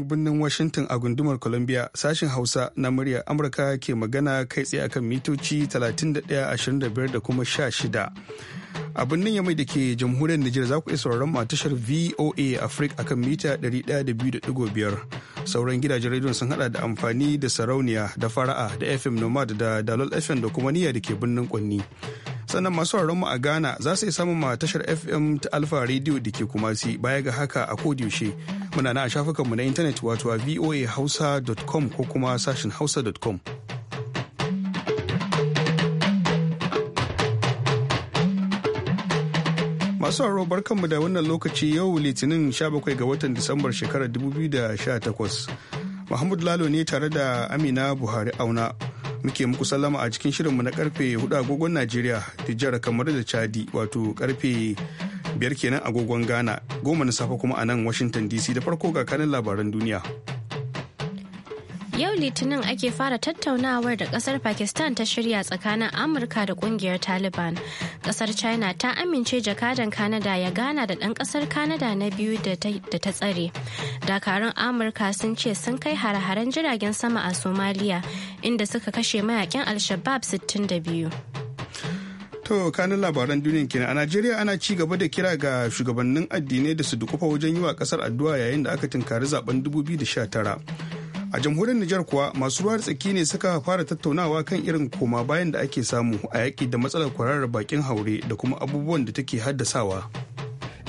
birnin Washington a gundumar Columbia sashin Hausa na murya Amurka ke magana kai tsaye akan mitoci 31.25 da kuma 16. A birnin Yamai da ke jamhuriyar Nijar za ku iya sauraron a tashar VOA Africa akan mita 102.5. Sauran gidajen rediyon sun hada da amfani da sarauniya da fara'a da FM Nomad da Dalol FM da kuma niyya da ke birnin Kwanni. sannan masu mu a ghana za su yi samun ma tashar fm ta alfa radio da ke kumasi baya ga haka a kodiyoshe muna na a shafukanmu na intanet wato a voahausa.com ko kuma sashin hausa.com masu haro barkanmu da wannan lokaci yau litinin 17 ga watan disambar shekarar 2018 Muhammadu Lalo ne tare da Amina Buhari Auna. muke muku sallama a cikin shirinmu na karfe hudu agogon Najeriya da jihar kamar da Chadi wato karfe biyar kenan agogon Ghana goma na safe kuma a nan Washington DC da farko ga kanin labaran duniya. Yau Litinin ake fara tattaunawar da kasar Pakistan ta shirya tsakanin Amurka da kungiyar Taliban kasar china ta amince jakadan kanada ya gana da ɗan kasar kanada na biyu da ta tsare dakarun amurka sun ce sun kai hare-haren jiragen sama a somalia inda suka kashe mayakin alshabab shabab 62 To kanin labaran duniyan kenan a Najeriya ana ci gaba da kira ga shugabannin addinai da su dukufa wajen yi wa kasar addu'a yayin da aka tunkari zaben 2019. a jamhuriyar Nijar kuwa masu ruwa tsaki ne suka fara tattaunawa kan irin koma bayan da ake samu a yaki da matsalar kwararar bakin haure da kuma abubuwan da take haddasawa.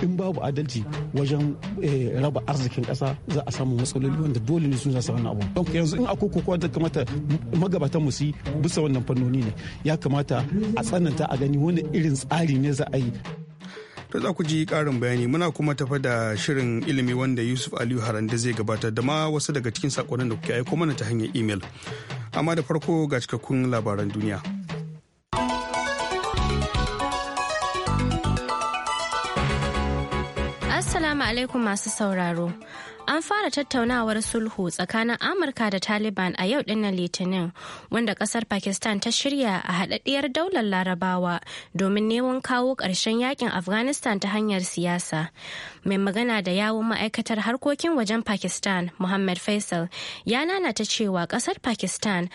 in babu adalci wajen eh, raba arzikin kasa za a samu matsaloli wanda dole ne sun za wannan abu yanzu in akwai kokowa da kamata magabatan mu su bisa wannan fannoni ne ya kamata a tsananta a gani wani irin tsari ne za a yi to za ku ji karin bayani muna kuma tafa da shirin ilimi wanda yusuf aliyu da zai gabatar da ma wasu daga cikin sakonnin da kuke aiko mana ta hanyar imel amma da farko ga cikakkun labaran duniya assalamu alaikum masu sauraro an fara tattaunawar sulhu tsakanin amurka da taliban a yau dinnan litinin wanda kasar pakistan ta shirya a haɗaɗɗiyar daular larabawa domin neman kawo ƙarshen yakin afghanistan ta hanyar siyasa mai magana da yawun ma'aikatar harkokin wajen pakistan muhammad faisal ya nanata cewa kasar pakistan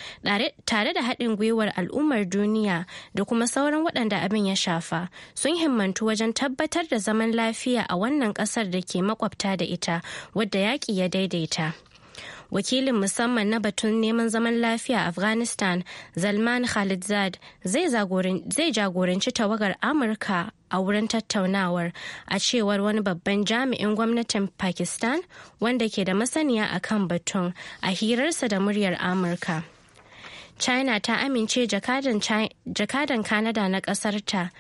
tare da haɗin gwiwar al'ummar duniya da kuma sauran waɗanda abin ya shafa sun himmantu wajen tabbatar da zaman lafiya a wannan ƙasar da ke makwabta da ita wadda yaƙi ya daidaita. wakilin musamman na batun neman zaman lafiya a afghanistan zalman khalidzad zai jagoranci tawagar amurka a wurin tattaunawar a cewar wani babban jami'in gwamnatin pakistan wanda ke da masaniya a kan batun a hirarsa da muryar amurka china ta amince jakadan canada na ƙasarta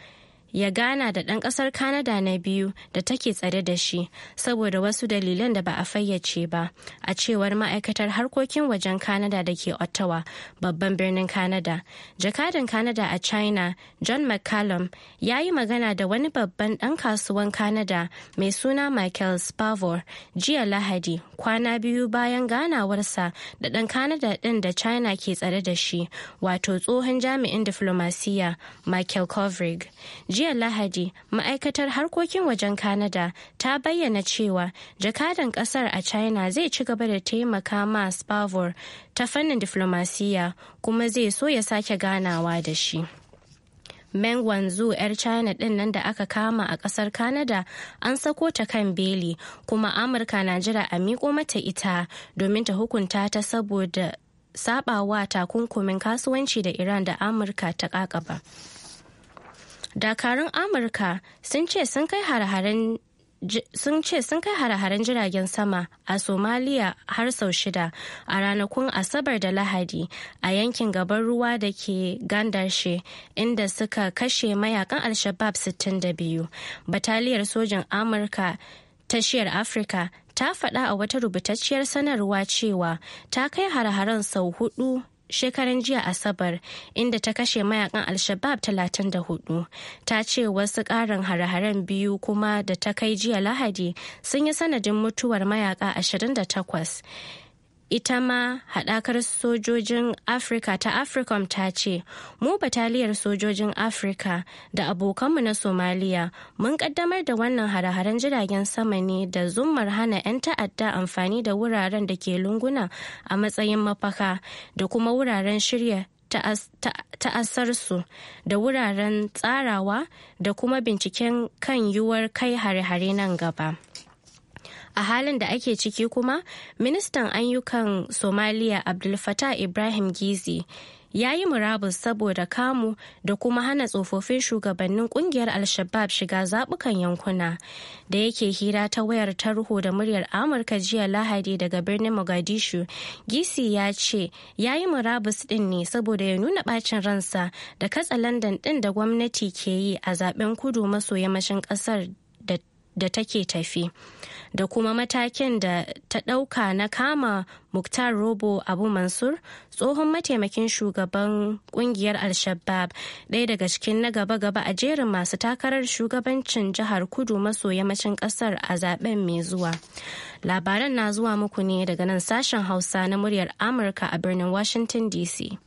ya gana da ɗan ƙasar kanada na biyu da take tsare da shi saboda wasu dalilan da ba a fayyace ba a cewar ma'aikatar harkokin wajen kanada da ke Ottawa babban birnin kanada Jakadan kanada a China John McCallum ya yi magana da wani babban ɗan kasuwan kanada mai suna Michael Spavor jiya Lahadi kwana biyu bayan ganawarsa da ɗan kanada ɗin da China ke tsare da shi wato tsohon jami'in diflomasiya Michael Kovrig. Jiya jiya Lahadi, ma'aikatar harkokin wajen Canada ta bayyana cewa jakadan kasar a China zai ci gaba da taimaka ma Spavor ta fannin diflomasiyya kuma zai so ya sake ganawa da shi. Meng wanzu 'yar China ɗin nan da aka kama a kasar Canada an sako ta kan beli kuma Amurka na jira a miko mata ita domin ta hukunta ta saboda sabawa takunkumin kasuwanci da Iran da Amurka ta ƙaƙaba. dakarun amurka sun ce sun kai hare-haren jiragen sama a somaliya har sau shida a ranakun asabar da lahadi a yankin gaban ruwa da ke gandashe inda suka kashe mayakan alshabab 62 bataliyar sojin amurka tashiyar afirka ta faɗa a wata rubutacciyar sanarwa cewa ta kai hare-haren sau hudu shekaran jiya asabar inda ta kashe mayakan al-shabab 34 ta ce wasu karin hare-haren biyu kuma da ta kai jiya lahadi sun yi sanadin mutuwar mayaka 28 ita ma haɗakar sojojin afirka ta africom ta ce mu bataliyar sojojin afirka da abokanmu na somaliya mun ƙaddamar da wannan hare-haren jiragen sama ne da zummar hana 'yan ta'adda amfani da wuraren da ke lunguna a matsayin mafaka da kuma wuraren shirya ta'asarsu da wuraren tsarawa da kuma binciken kan yiwuwar kai hare-hare nan gaba. a halin da ake ciki kuma ministan ayyukan somaliya abdul fatah ibrahim gizi ya yi murabus saboda kamu da kuma hana tsofaffin shugabannin kungiyar al-shabab shiga zabukan yankuna da yake hira ta wayar tarho da muryar amurka jiya lahadi daga birnin mogadishu gisi ya ce ya yi murabus din ne saboda ya nuna bacin ransa da katsa london din da gwamnati ke yi a zaben kudu maso yammacin kasar da take tafi da kuma matakin da ta ɗauka na kama muktar robo abu mansur tsohon mataimakin shugaban kungiyar al-shabab ɗaya daga cikin na gaba-gaba a jerin masu takarar shugabancin jihar kudu maso yammacin ƙasar a zaben mai zuwa labaran na zuwa muku ne daga nan sashen hausa na muryar amurka a birnin washington dc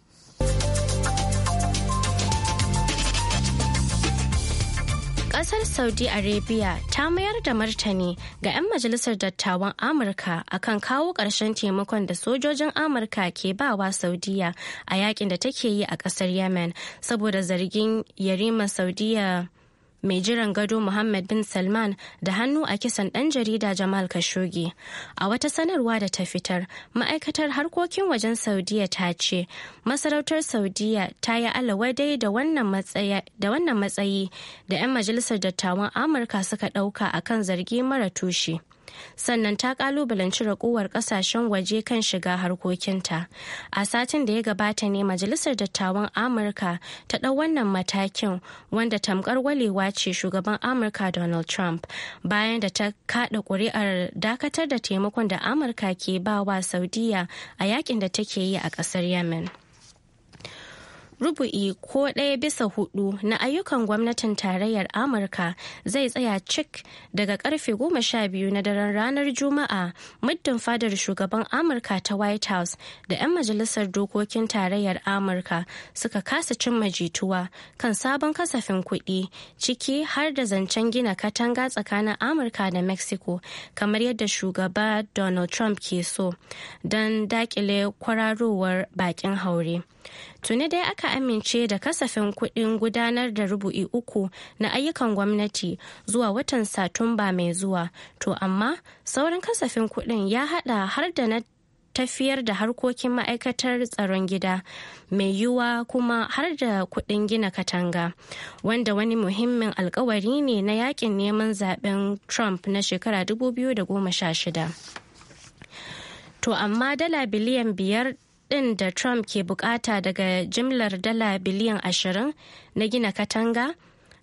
Kasar Saudi Arabia ta mayar da martani ga 'yan majalisar dattawan Amurka akan kawo ƙarshen taimakon da sojojin Amurka ke bawa Saudiya a yakin da take yi a ƙasar Yemen saboda zargin yariman Saudiya mai jiran gado Muhammad bin Salman da hannu a kisan ɗan jarida Jamal Khashoggi. A wata sanarwa da ta fitar, ma'aikatar harkokin wajen Saudiya ta ce, masarautar Saudiya ta yi alawadai da wannan matsayi da 'yan majalisar dattawan Amurka suka ɗauka a kan zargi mara tushe. sannan ta kalubalanci raguwar kasashen waje kan shiga harkokinta a satin da ya gabata ne majalisar dattawan amurka ta ɗau wannan matakin wanda tamkar walewa ce shugaban amurka donald trump bayan da ta kaɗa ƙuri'ar dakatar da taimakon da amurka ke ba wa saudiya a yakin da take yi a ƙasar yemen rubu'i ko ɗaya bisa hudu na ayyukan gwamnatin tarayyar amurka zai tsaya cik daga karfe goma sha biyu na daren ranar juma'a muddin fadar shugaban amurka ta white house da 'yan majalisar dokokin tarayyar amurka suka kasa cin majituwa kan sabon kasafin kuɗi ciki har da zancen gina katanga tsakanin amurka da mexico kamar yadda shugaba donald trump ke so don dakile kwararowar bakin haure Tuni dai aka amince da kasafin kuɗin gudanar da rubu'i uku na ayyukan gwamnati zuwa watan Satumba mai zuwa, to amma saurin kasafin kuɗin ya haɗa har da na tafiyar da harkokin ma'aikatar tsaron gida mai yiwuwa kuma har da kuɗin gina katanga wanda wani muhimmin alkawari ne na yakin neman zaben trump na shekara 2016 to amma dala biliyan biyar kuɗin da Trump ke bukata daga jimlar dala biliyan ashirin na gina katanga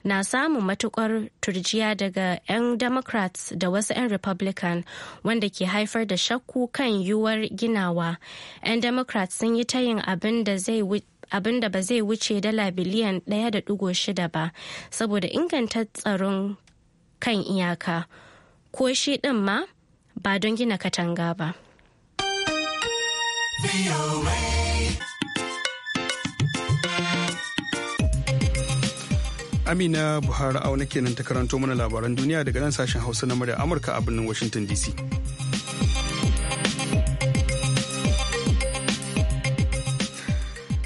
na samun matukar turjiya daga 'yan Democrats da wasu 'yan Republican wanda ke haifar da shakku kan yiwuwar ginawa. 'Yan Democrats sun yi tayin abin abin da ba zai wuce dala biliyan 1.6 ba saboda inganta tsaron kan iyaka ko shi ɗin ma ba don gina katanga ba. Amina Buhari auna kenan ta karanto mana labaran duniya daga nan sashen Hausa na murya Amurka a birnin Washington DC.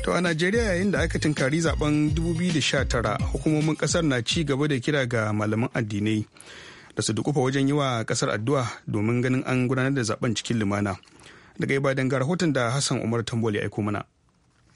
To a Najeriya yayin da aka tunkari zaben 2019 hukumomin kasar na ci gaba da kira ga malaman addinai da su dukufa wajen yi wa kasar addu'a domin ganin an gudanar da zaben cikin lumana. daga ibadan ga rahoton da hassan umar tambol ya aiko mana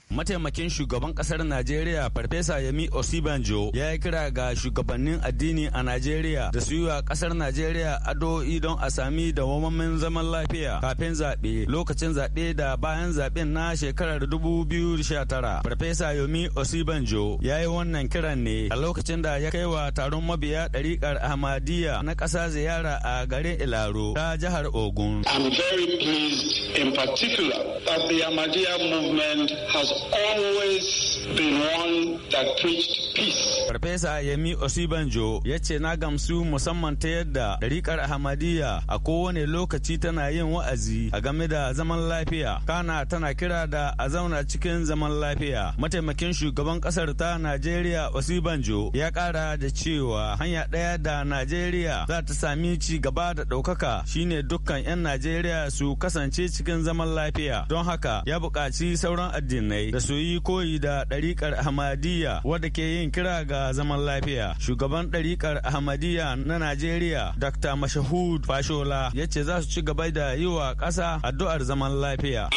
mataimakin shugaban kasar najeriya farfesa Yomi osibanjo ya yi kira ga shugabannin addini a najeriya da su yi wa kasar najeriya ado don a sami dawwammamin zaman lafiya kafin zaɓe lokacin zaɓe da bayan zaɓen na shekarar 2019 farfesa yomi osibanjo ya yi wannan kiran ne a lokacin da ya kai wa taron mabiya ɗariƙar ahmadiyya na ƙasa ziyara a garin ilaro ta jihar ogun i'm very pleased in particular that the ahmadiyya movement has always been one that preached peace Farfesa Yemi Osibanjo ya ce na gamsu musamman ta yadda ɗariƙar Ahmadiyya a kowane lokaci tana yin wa'azi a game da zaman lafiya. Kana tana kira da a zauna cikin zaman lafiya. Mataimakin shugaban ƙasar ta Najeriya Osibanjo ya ƙara da cewa hanya ɗaya da Najeriya za ta sami ci gaba da ɗaukaka shine dukkan 'yan Najeriya su kasance cikin zaman lafiya. Don haka ya buƙaci sauran addinai da su yi koyi da ɗariƙar Ahmadiyya wadda ke yin kira ga zaman lafiya shugaban ɗariƙar ahmadiyya na najeriya dr mashahud fashola ya ce za su ci gaba da yi wa ƙasa addu'ar zaman lafiya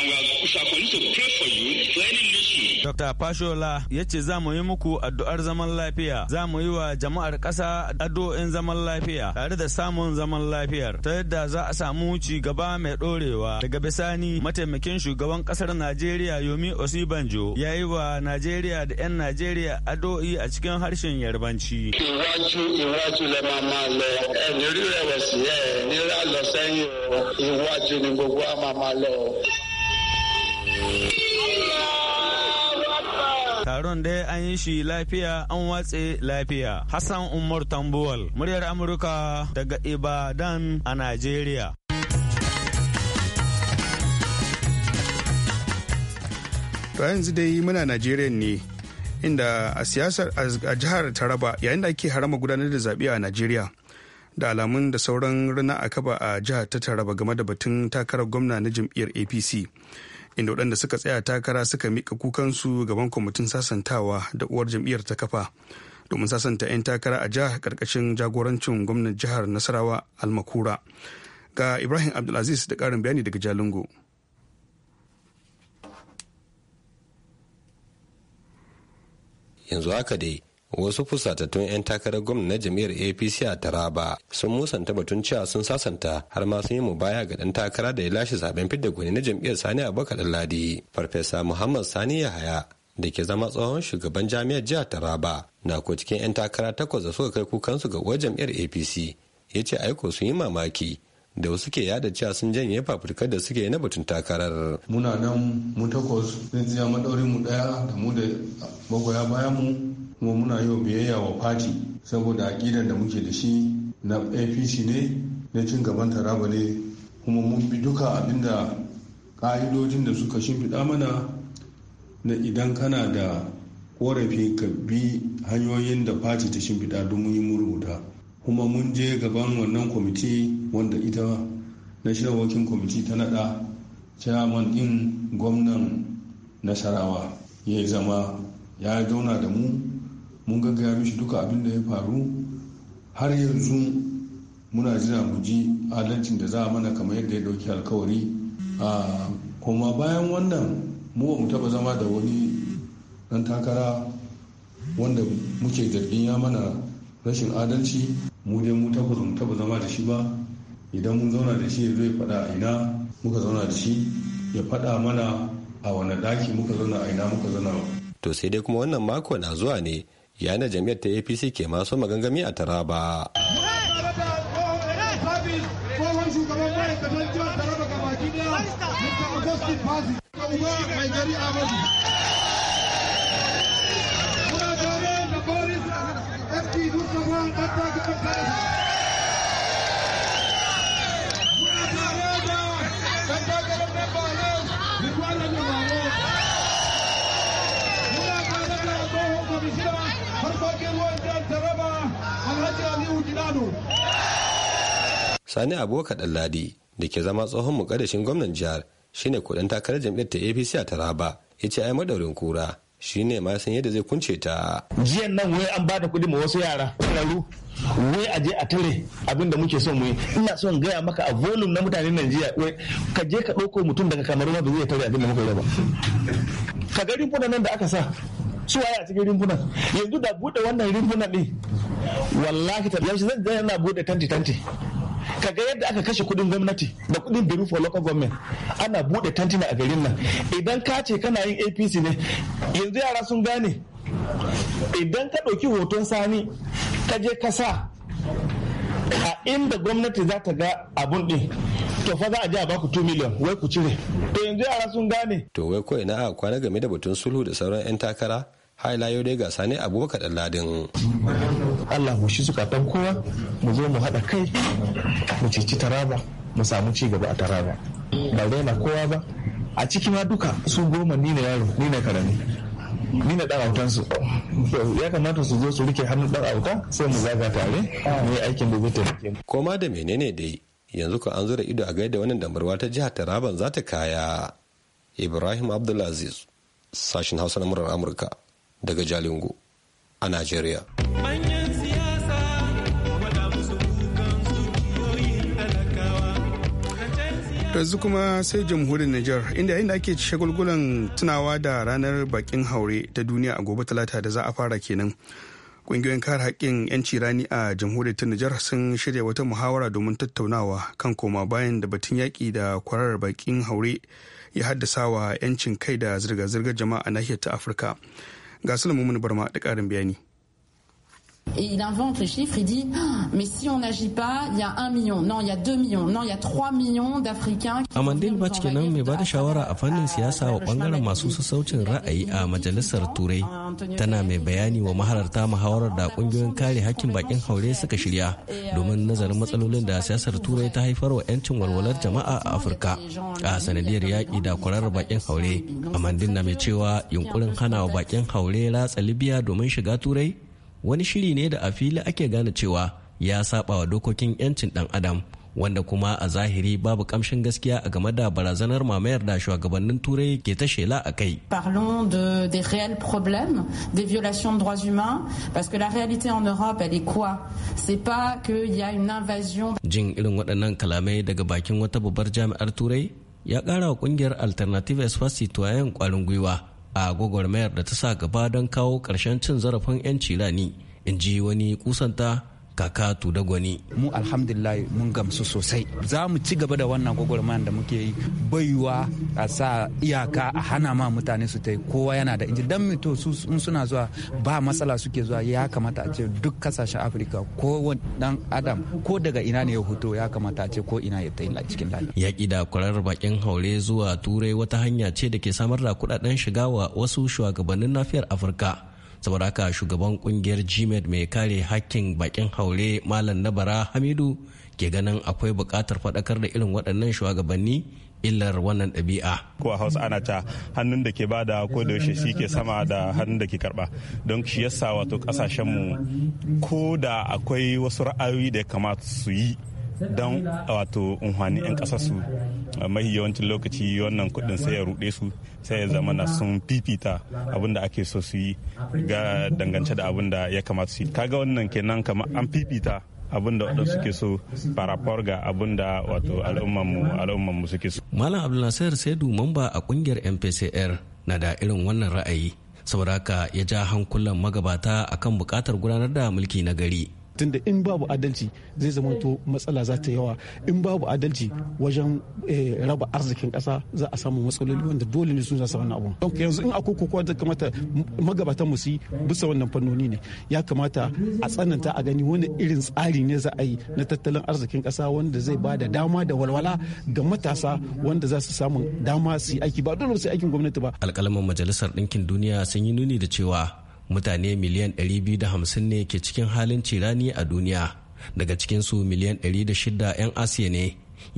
Dr. Fashola ya ce za mu yi muku addu'ar zaman lafiya, za mu yi wa jama'ar ƙasa addu'o'in zaman lafiya tare da samun zaman lafiyar ta yadda za a samu ci gaba mai ɗorewa. Daga bisani mataimakin shugaban ƙasar Najeriya Yomi Osibanjo ya yi wa Najeriya da 'yan Najeriya addu'o'i a cikin harshen yarbanci. iwaju iwaju lẹ máa máa lọ ẹni rí rẹ̀wẹ̀sì ẹ̀ nírà lọ sẹ́yìn o iwájú ni gbogbo a máa máa lọ. taron dai an yi shi lafiya an watse lafiya hassan umar tambuwal muryar amurka daga ibadan a najeriya to yanzu dai muna najeriya ne inda a siyasar a jihar taraba yayin da ake harama gudanar da zaɓe a najeriya da alamun da sauran rana a kaba a jihar ta taraba game da batun takarar gwamna na jam'iyyar apc inda waɗanda suka tsaya takara suka mika kukansu gaban kwamitin sasantawa da uwar jam'iyyar ta kafa domin sasanta 'yan takara a jihar karkashin jagorancin gwamnan jihar nasarawa almakura ga ibrahim abdulaziz da ƙarin bayani daga jalingo yanzu haka dai wasu fusatattun 'yan takarar gwamna na jam'iyyar apc a taraba sun musanta batun cewa sun sasanta har ma sun yi mu baya ga dan takara da ya lashe zaben fidda gwani na jam'iyyar sani abubakar ladi farfesa muhammad sani yahaya da ke zama tsohon shugaban jami'ar jihar taraba na ko cikin 'yan takara takwas da suka kai kukansu ga uwar jam'iyyar apc ya ce aiko sun yi mamaki da wasu ke yada cewa sun janye fafurkar da suke na batun takarar. Muna nan mu takwas tsintsiya maɗaurin mu ɗaya da mu da magoya bayan mu kuma muna yau biyayya wa fati saboda aƙidar da muke da shi na APC ne na cin gaban taraba ne kuma mun bi duka abinda ƙa'idojin da suka shimfiɗa mana na idan kana da korafi ka bi hanyoyin da fati ta shimfiɗa don mun yi rubuta. kuma mun je gaban wannan kwamiti wanda ita national working committee ta nada chairman din gwamnan nasarawa ya zama ya zauna da mu mun gaggaya mishi duka abin da ya faru har yanzu muna jira mu ji adalcin da za a mana kamar yadda ya dauki alkawari kuma bayan wannan mu mu taba zama da wani dan takara wanda muke zargin ya mana rashin adalci mu dai mu tabbas mu taba zama da shi ba idan mun zauna da shi zai faɗa a ina muka zauna da shi ya faɗa mana a wani ɗaki muka zauna a ina muka zauna to sai dai kuma wannan mako na zuwa ne yana jami'ar ta apc ke maso magangami a taraba Kano. Sani Abubakar Ɗanladi da ke zama tsohon mukaddashin gwamnan jihar shine kudin takarar jam'iyyar ta APC a Taraba ya ce ai madaurin kura shine ma san yadda zai kunce ta. jiya nan wai an bada kuɗi ma wasu yara tsararru wai a je a tare abin da muke son muyi ina son gaya maka a volume na mutanen Najeriya wai ka je ka ɗauko mutum daga kamar ma ba zai tare abin da muka yi ba. Ka ga rimfunan nan da aka sa su waye a cikin rimfunan yanzu da buɗe wannan rimfunan ɗin wallahi tallahi zan je yana bude tanti tanti kaga yadda aka kashe kudin gwamnati da kudin biru for local government ana bude na a garin nan idan ka ce kana yin apc ne yanzu yara sun gane idan ka ɗauki hoton sani ka je ka sa a inda gwamnati za ta ga abun ɗin to fa za a je a baku 2 miliyan wai ku cire to yanzu yara sun gane to wai ko ina a kwana game da batun sulhu da sauran 'yan takara haila yau dai gasa ne abubakar ladin. allah hushi zukatan kowa mu zo mu haɗa kai mu ceci taraba mu samu ci gaba a taraba ba raina kowa ba a cikin ma duka su goma ni ne yaro ni ne karami ni ne dan autan su ya kamata su zo su rike hannun dan auta sai mu zaga tare mu yi aikin da zai taimake koma da menene dai yanzu ko an zura ido a gaida wannan damarwa ta jihar Taraban za ta kaya Ibrahim Abdulaziz sashin Hausa na murar Amurka daga Jalingo a Najeriya. yanzu kuma sai jamhuriyar Nijar inda yayin da ake shagulgulan tunawa da ranar bakin haure ta duniya a gobe talata da za a fara kenan. Kungiyoyin kare haƙƙin 'yanci rani a jamhuriyar Nijar sun shirya wata muhawara domin tattaunawa kan koma bayan da batun yaƙi da kwararar bakin haure ya haddasa wa 'yancin kai da zirga-zirgar jama'a nahiyar ta Afirka. ga sulaiman barma da karin bayani Et il invente les chiffres, il dit ah, Mais si on n'agit pas, il y a un million, non, il y a deux millions, non, il y a trois millions d'Africains. Amandine mai bada shawara a fannin ah, siyasa wa bangaren masu sassaucin ra'ayi a majalisar Turai ah, tana mai bayani wa mahararta muhawarar da ƙungiyoyin kare hakkin bakin haure suka shirya domin nazarin matsalolin da siyasar Turai ta haifar wa 'yancin walwalar jama'a a Afirka a sanadiyar yaƙi da kwararar bakin haure. Amandine na mai cewa yunkurin hana wa bakin haure ratsa Libya domin shiga Turai wani shiri ne da a fili ake gane cewa ya saba wa dokokin 'yancin ɗan adam wanda kuma a zahiri babu kamshin gaskiya a game da barazanar mamayar da shugabannin turai ke ta shela a kai. Parlons de des réels de droits humains, parce la réalité en Europe, elle est quoi? C'est pas y Jin irin waɗannan kalamai daga bakin wata babbar jami'ar turai ya ƙara wa ƙungiyar Alternative Espace Citoyen ƙwarin gwiwa. a gwagwarmayar da ta sa gaba don kawo ƙarshen cin zarafin 'yanci rani in ji wani kusanta kaka da gwani mu alhamdulillah mun gamsu sosai za mu ci gaba da wannan gwagwarmayar da muke yi baiwa a sa iyaka a hana ma mutane su ta kowa yana da inji dan mito su suna zuwa ba matsala suke zuwa ya kamata a ce duk kasashen afirka ko dan adam ko daga ina ne ya hoto ya kamata a ce ko ina ya tayi cikin lafiya ya da kwarar bakin haure zuwa turai wata hanya ce da ke samar da kuɗaɗen shiga wa wasu shugabannin nafiyar afirka saboda haka shugaban kungiyar gmed mai kare hakkin bakin haure malam nabara hamidu ke ganin akwai bukatar faɗakar da irin waɗannan shugabanni illar wannan ɗabi'a. Ko a Hausa ana ta hannun da ke bada ko da yaushe shi ke sama da hannun da ke karba don shi yasa wato ƙasashenmu ko da akwai wasu ra'ayoyi da ya kamata su yi don wato unhwani 'yan kasarsu su mahi yawancin lokaci wannan kuɗin sai ya ruɗe su sai ya zama na sun fifita abin da ake so su yi ga dangance da abin da ya kamata su yi kaga wannan kenan kamar an fifita abin da waɗansu suke so farafar ga abin da wato al'ummanmu suke so. Malam Abdulnasir Saidu mamba a ƙungiyar MPCR na da irin wannan ra'ayi saboda haka ya ja hankulan magabata akan buƙatar gudanar da mulki na gari. tunda in babu adalci zai zama to matsala za ta yawa in babu adalci wajen eh, raba arzikin kasa za a samu matsaloli wanda dole ne su za wannan abu don yanzu in akwai kokowa da kamata magabatan mu su bisa wannan fannoni ne ya kamata a tsananta a gani wani irin tsari ne za a yi na tattalin arzikin kasa wanda zai ba da dama da walwala ga matasa wanda za su samu dama su yi aiki ba dole su aikin gwamnati ba alƙalamin majalisar ɗinkin duniya sun yi nuni da cewa mutane miliyan 250 ne ke cikin halin cirani a duniya daga cikinsu miliyan 106 'yan asiya ne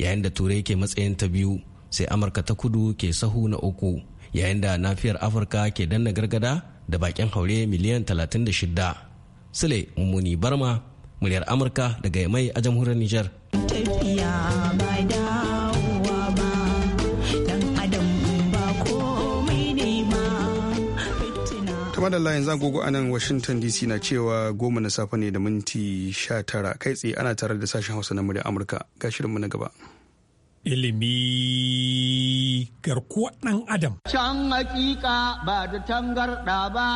yayin da turai ke matsayin ta biyu sai amurka ta kudu ke sahu na uku yayin da nafiyar afirka ke danna gargada da bakin haure miliyan 36 sule mummuni barma muryar amurka daga mai a jamhuriyar nijar tafiya kamar da layin agogo a nan washington dc na cewa goma na safe ne da minti 19 kai tsaye ana tare da sashen hausa na murya amurka ga shirinmu na gaba ilimi garkuwar ɗan adam can hakika ba da tangarɗa ba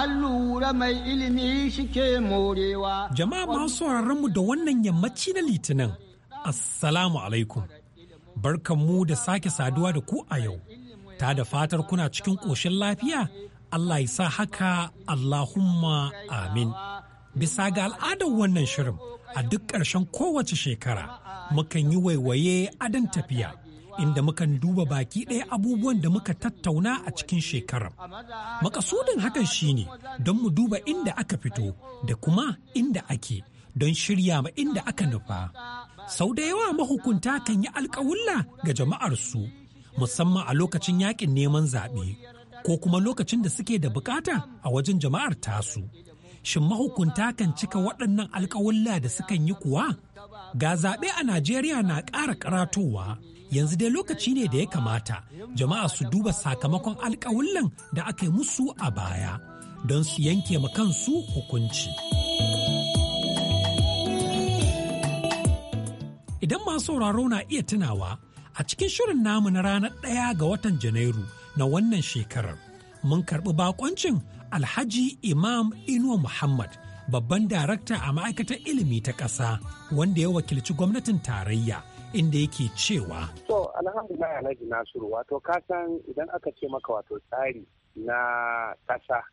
allura mai ilimi shike morewa jama'a masu sauraron mu da wannan yammaci na litinin assalamu alaikum barkan da sake saduwa da ku a yau ta da fatar kuna cikin ƙoshin lafiya Allah ya sa haka Allahumma amin. Bisa ga al'adar wannan shirin a duk ƙarshen kowace shekara mukan yi waiwaye adon tafiya inda mukan duba baki ɗaya abubuwan da muka tattauna a cikin shekarar. Makasudin hakan shi ne don mu duba inda aka fito da kuma inda ake don shirya ma inda aka nufa. Sau da yawa mahukunta kan yi alƙawulla ga jama'arsu musamman a lokacin yaƙin neman zaɓe. ko kuma lokacin da suke da bukata a wajen jama'ar tasu. Shin mahukunta kan cika waɗannan alƙawulla da sukan yi kuwa? Ga zaɓe a Najeriya na ƙara karatowa. yanzu dai lokaci ne da ya kamata jama'a su duba sakamakon alkawullan da aka yi musu a baya don su yanke ma kansu hukunci. Idan masu sauraro na iya tunawa a cikin shirin namu na ranar ɗaya ga watan Janairu na wannan shekarar mun karɓi bakoncin alhaji imam inuwa muhammad babban darakta a ma'aikatar ilimi ta ƙasa wanda ya wakilci gwamnatin tarayya inda yake cewa So, alhamdulillah alhaji nasiru wato kasan idan aka ce maka wato tsari na ƙasa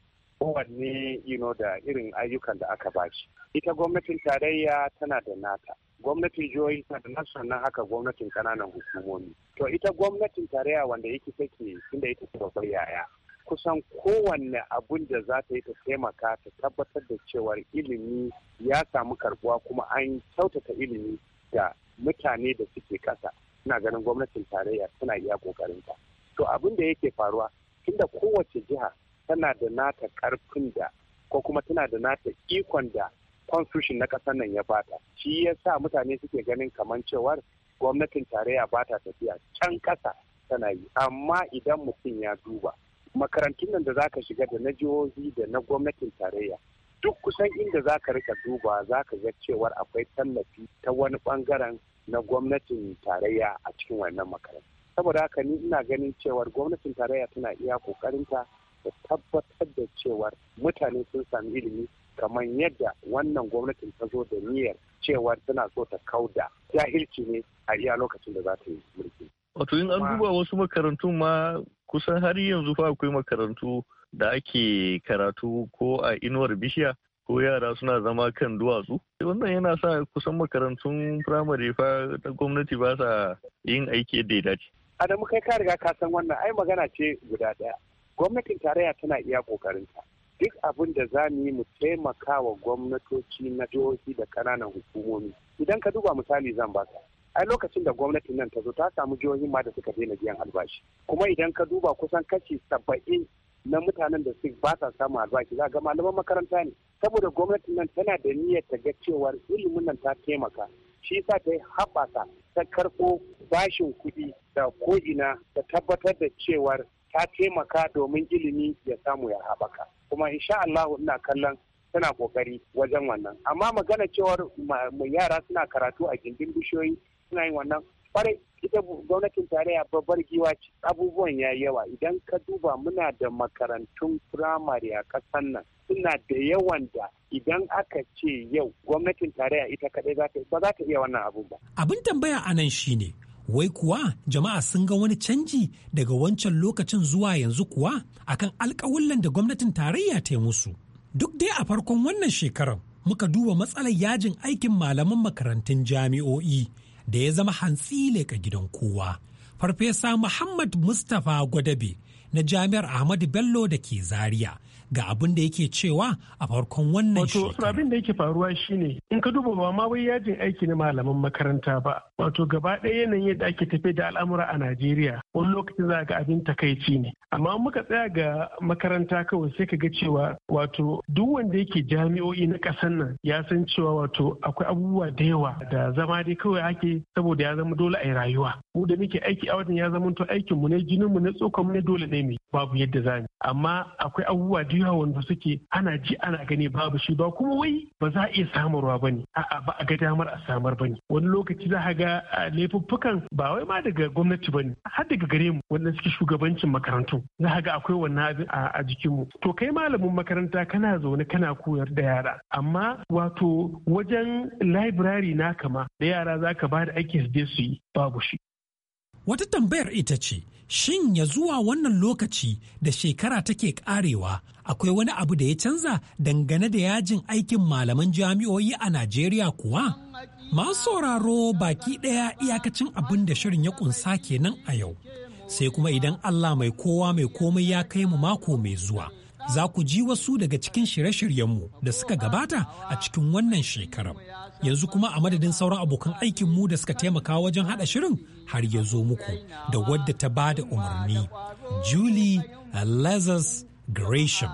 kowanne ino da irin ayyukan da aka ba shi. ita gwamnatin tarayya tana da nata gwamnatin jihohi tana da nasu sannan haka gwamnatin kananan hukumomi to ita gwamnatin tarayya wanda yake take inda ita babbar yaya kusan kowanne abun da za ta yi ta taimaka ta tabbatar da cewar ilimi ya samu karbuwa kuma an kyautata ilimi da mutane da suke kasa Ina ganin gwamnatin tarayya tana iya kokarinta to abin da yake faruwa tunda kowace jiha tana da nata karfin da ko kuma tana da nata ikon da constitution na ƙasar nan ya bata shi ya sa mutane suke ganin kamar cewar gwamnatin tarayya ba ta tafiya can ƙasa tana yi amma idan mutum ya duba makarantun nan da za ka shiga da na jihohi da na gwamnatin tarayya duk kusan inda za ka rika duba za ka ga cewar akwai tallafi ta wani bangaren na gwamnatin tarayya a cikin wannan makarantu saboda haka ni ina ganin cewar gwamnatin tarayya tana iya kokarinta da tabbatar da cewar mutane sun sami ilimi kamar yadda wannan gwamnatin ta zo da niyyar cewar tana so ta kauda jahilci ne a iya lokacin da za ta yi mulki. Wato in an duba wasu makarantu ma kusan har yanzu fa akwai makarantu da ake karatu ko a inuwar bishiya ko yara suna zama kan duwatsu. Wannan yana sa kusan makarantun firamare fa ta gwamnati ba sa yin aiki da ya dace. Adamu kai ka riga ka san wannan ai magana ce guda ɗaya. gwamnatin tarayya tana iya ƙoƙarinta duk abin da za mu yi mu taimaka wa gwamnatoci na jihohi da kananan hukumomi idan ka duba misali zan baka ai lokacin da gwamnatin nan ta zo ta samu jihohin ma da suka daina biyan albashi kuma idan ka duba kusan kashi saba'in na mutanen da su ba sa samun albashi za ga malaman makaranta ne saboda gwamnatin nan tana da niyyar ta ga cewar ilimin nan ta taimaka shi sa ta yi haɓaka ta karɓo bashin kuɗi da ko'ina ta tabbatar da cewar ta taimaka domin ilimi ya samu ya haɓaka kuma insha Allah ina kallon tana kokari wajen wannan amma magana cewar yara suna karatu a gindin bishiyoyi suna yin wannan kwarai ita gwamnatin tarayya babbar giwa ce abubuwan ya yawa idan ka duba muna da makarantun firamare a ƙasar nan suna da yawan da idan aka ce yau gwamnatin tarayya ita kaɗai ba za ta iya wannan abun ba abin tambaya a nan shine Wai kuwa jama'a sun ga wani canji daga wancan lokacin zuwa yanzu kuwa akan alkawullan da gwamnatin tarayya ta yi musu. Duk dai a farkon wannan shekarar muka duba matsalar yajin aikin malaman makarantun jami'o'i da ya zama hantsi leka gidan kowa. Farfesa Muhammad Mustapha Gwadabe na Jami'ar Ahmadu Bello da ke Zaria ga abin da yake cewa a farkon wannan Wato abin da yake faruwa shine in ka duba ba ma wai yajin aiki na malaman makaranta ba. Wato gaba ɗaya yanayin yadda ake tafi da al'amura a Najeriya wani lokacin za ga abin takaici ne. Amma muka tsaya ga makaranta kawai sai ka ga cewa wato duk wanda yake jami'o'i na ƙasar nan ya san cewa wato akwai abubuwa da yawa da zama dai kawai ake saboda ya zama dole a yi rayuwa. Mu da muke aiki a wajen ya zama to aikinmu ne jininmu ne tsokanmu ne dole ne mu babu yadda za mu. Amma akwai abubuwa da yawa wanda suke ana ji ana gani babu shi ba kuma wai ba za a iya samarwa ba ne a'a ba a ga damar a samar ba ne wani lokaci za a ga laifuffukan ba wai ma daga gwamnati ba ne har daga gare mu wanda suke shugabancin makarantu za a ga akwai wannan abin a jikinmu to kai malamin makaranta kana zaune kana koyar da yara amma wato wajen library na kama da yara za ka ba da ake su je su yi babu shi wata tambayar ita ce shin ya zuwa wannan lokaci da shekara take karewa akwai wani abu da ya canza dangane da yajin aikin malaman jami'oyi a Najeriya kuwa? Masu sauraro baki ɗaya iyakacin abin da shirin ya kunsa kenan a yau. Sai kuma idan Allah mai kowa mai komai ya kai mu mako mai zuwa. za ku ji wasu daga cikin shirye-shiryenmu da suka gabata a cikin wannan shekarar. Yanzu kuma a madadin sauran abokan aikinmu da suka taimaka wajen haɗa shirin har ya zo muku da wadda ta ba da umarni. Julie Lazarus Gresham.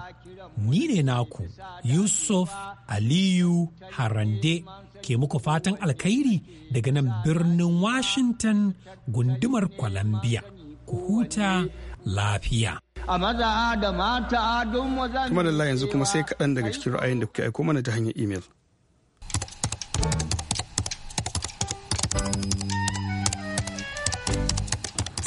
Ni ne naku Yusuf Aliyu Harande ke muku fatan alkhairi daga nan birnin Washington gundumar Columbia. Ku huta lafiya. a maza da mata don maza kuma da yanzu kuma sai kaɗan daga cikin ra'ayin da kuke aiko mana ta hanyar imel.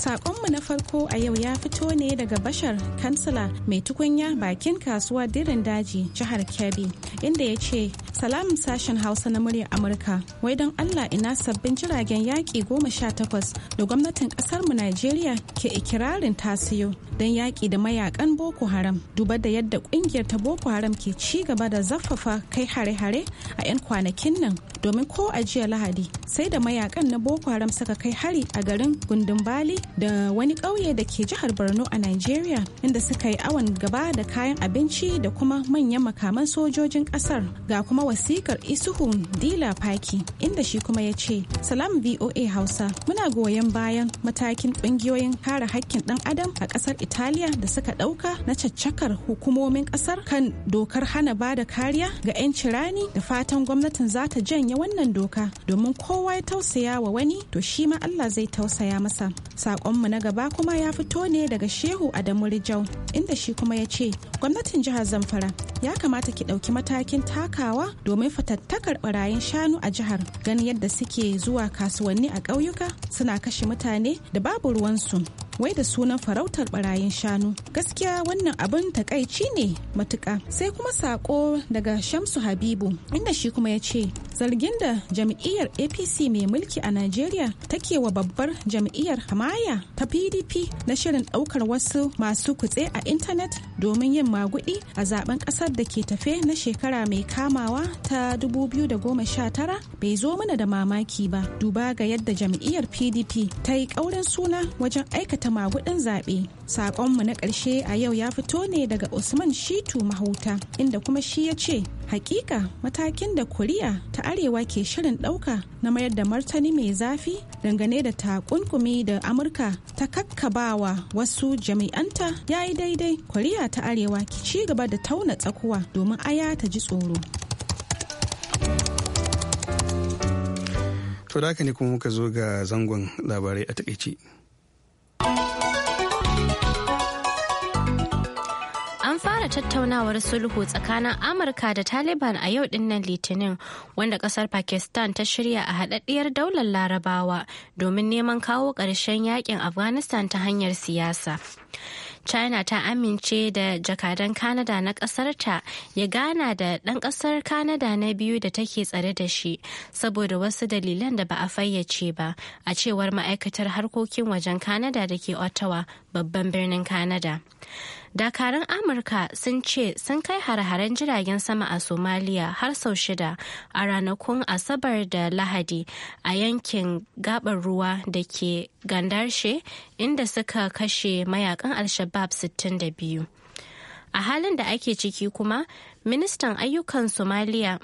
saƙonmu na farko a yau ya fito ne daga Bashar Kansila mai tukunya bakin kasuwa dirin daji jihar Kebbi inda ya ce Salam sashen Hausa na muryar Amurka. Wai don Allah ina sabbin jiragen yaƙi goma sha takwas da gwamnatin ƙasarmu Najeriya ke ikirarin tasiyo don yaƙi da mayakan Boko Haram. Duba da yadda ƙungiyar ta Boko Haram ke ci gaba da zaffafa kai hare-hare a 'yan kwanakin nan domin ko a jiya Lahadi sai da mayakan na Boko Haram suka kai hari a garin Gundun Bali da wani ƙauye da ke jihar Borno a Najeriya inda suka yi awon gaba da kayan abinci da kuma manyan makaman sojojin ƙasar ga kuma wasikar isuhun dila faki inda shi kuma ya ce salam voa hausa muna goyon bayan matakin kungiyoyin kare hakkin ɗan adam a ƙasar italiya da suka ɗauka na caccakar hukumomin ƙasar. kan dokar hana bada kariya ga 'yancin rani da fatan gwamnatin za ta janye wannan doka domin kowa ya tausaya wa wani to shi ma allah zai tausaya masa saƙonmu na gaba kuma ya fito ne daga shehu adamu rijau inda shi kuma ya ce gwamnatin jihar zamfara ya kamata ki ɗauki matakin takawa domin fatattakar barayin shanu a jihar gani yadda suke zuwa kasuwanni a ƙauyuka suna kashe mutane da babu ruwansu wai da sunan farautar barayin shanu gaskiya wannan abin takaici ne matuka sai kuma sako daga shamsu habibu inda shi kuma ya ce zargin da jam'iyyar apc mai mulki a najeriya take wa babbar jam'iyyar hamaya ta pdp na shirin daukar wasu masu kutse a intanet domin yin maguɗi a zaben ƙasar da ke tafe na shekara mai kamawa ta 2019 bai zo mana da mamaki ba duba ga yadda jam'iyyar pdp ta yi ƙaurin suna wajen aikata ta magudan zaɓe. Sakonmu na ƙarshe a yau ya fito ne daga Usman Shitu mahauta inda kuma shi ya ce, Hakika matakin da Koriya ta Arewa ke shirin ɗauka na mayar da martani mai zafi dangane da takunkumi da Amurka ta kakkabawa wasu jami'anta ya yi daidai. Koriya ta Arewa ki ci gaba da tauna tsakuwa domin aya ta ji tsoro. To da haka ne kuma muka zo ga zangon labarai a takaice. tattaunawar sulhu tsakanin Amurka da Taliban a yau dinnan Litinin wanda kasar Pakistan ta shirya a haɗaɗɗiyar daular Larabawa domin neman kawo ƙarshen yakin Afghanistan ta hanyar siyasa. China ta amince da jakadan Canada na ƙasarta ya gana da ɗan ƙasar Canada na biyu da take tsare da shi saboda wasu dalilan da ba a fayyace ba a cewar ma'aikatar harkokin wajen Canada da ke Ottawa babban birnin Canada. dakarun amurka sun ce sun kai har-haren jiragen sama a somaliya har sau shida a ranakun asabar da lahadi a yankin gabar ruwa da ke gandarshe inda suka kashe mayakan al-shabab 62 a halin da ake ciki kuma ministan ayyukan somaliya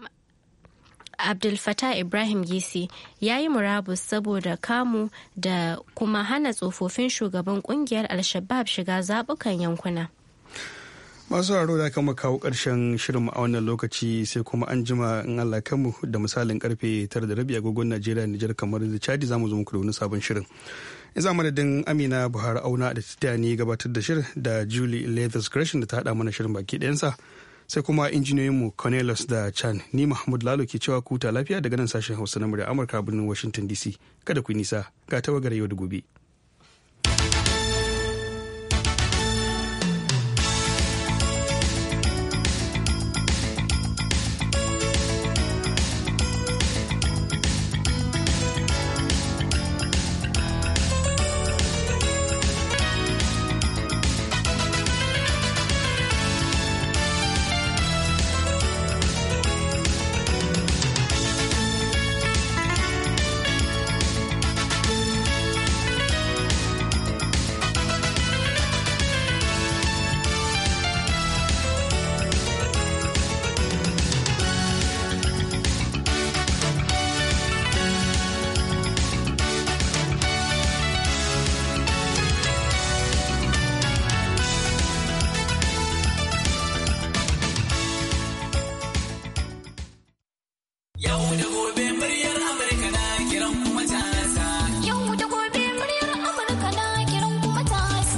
Abdul Fattah Ibrahim Gisi ya yi murabus saboda kamu da kuma hana tsofaffin shugaban kungiyar alshabab shiga zabukan yankuna. masu aro da kama kawo karshen shirin a wannan lokaci sai kuma an jima in Allah kanmu da misalin karfe da 9:30 agogon Najeriya Nijar kamar da Chadi zamu zo muku da wani sabon shirin. In za madadin Amina Buhari Auna da titani gabatar da shirin da Julie Leathers Gresham da ta hada mana shirin baki ɗayansa sai kuma mu Cornelius da Chan ni Mahmud Lalo ke cewa kuta lafiya daga nan sashen Hausa na murya Amurka birnin Washington DC kada ku nisa ga tawagar yau da gobe.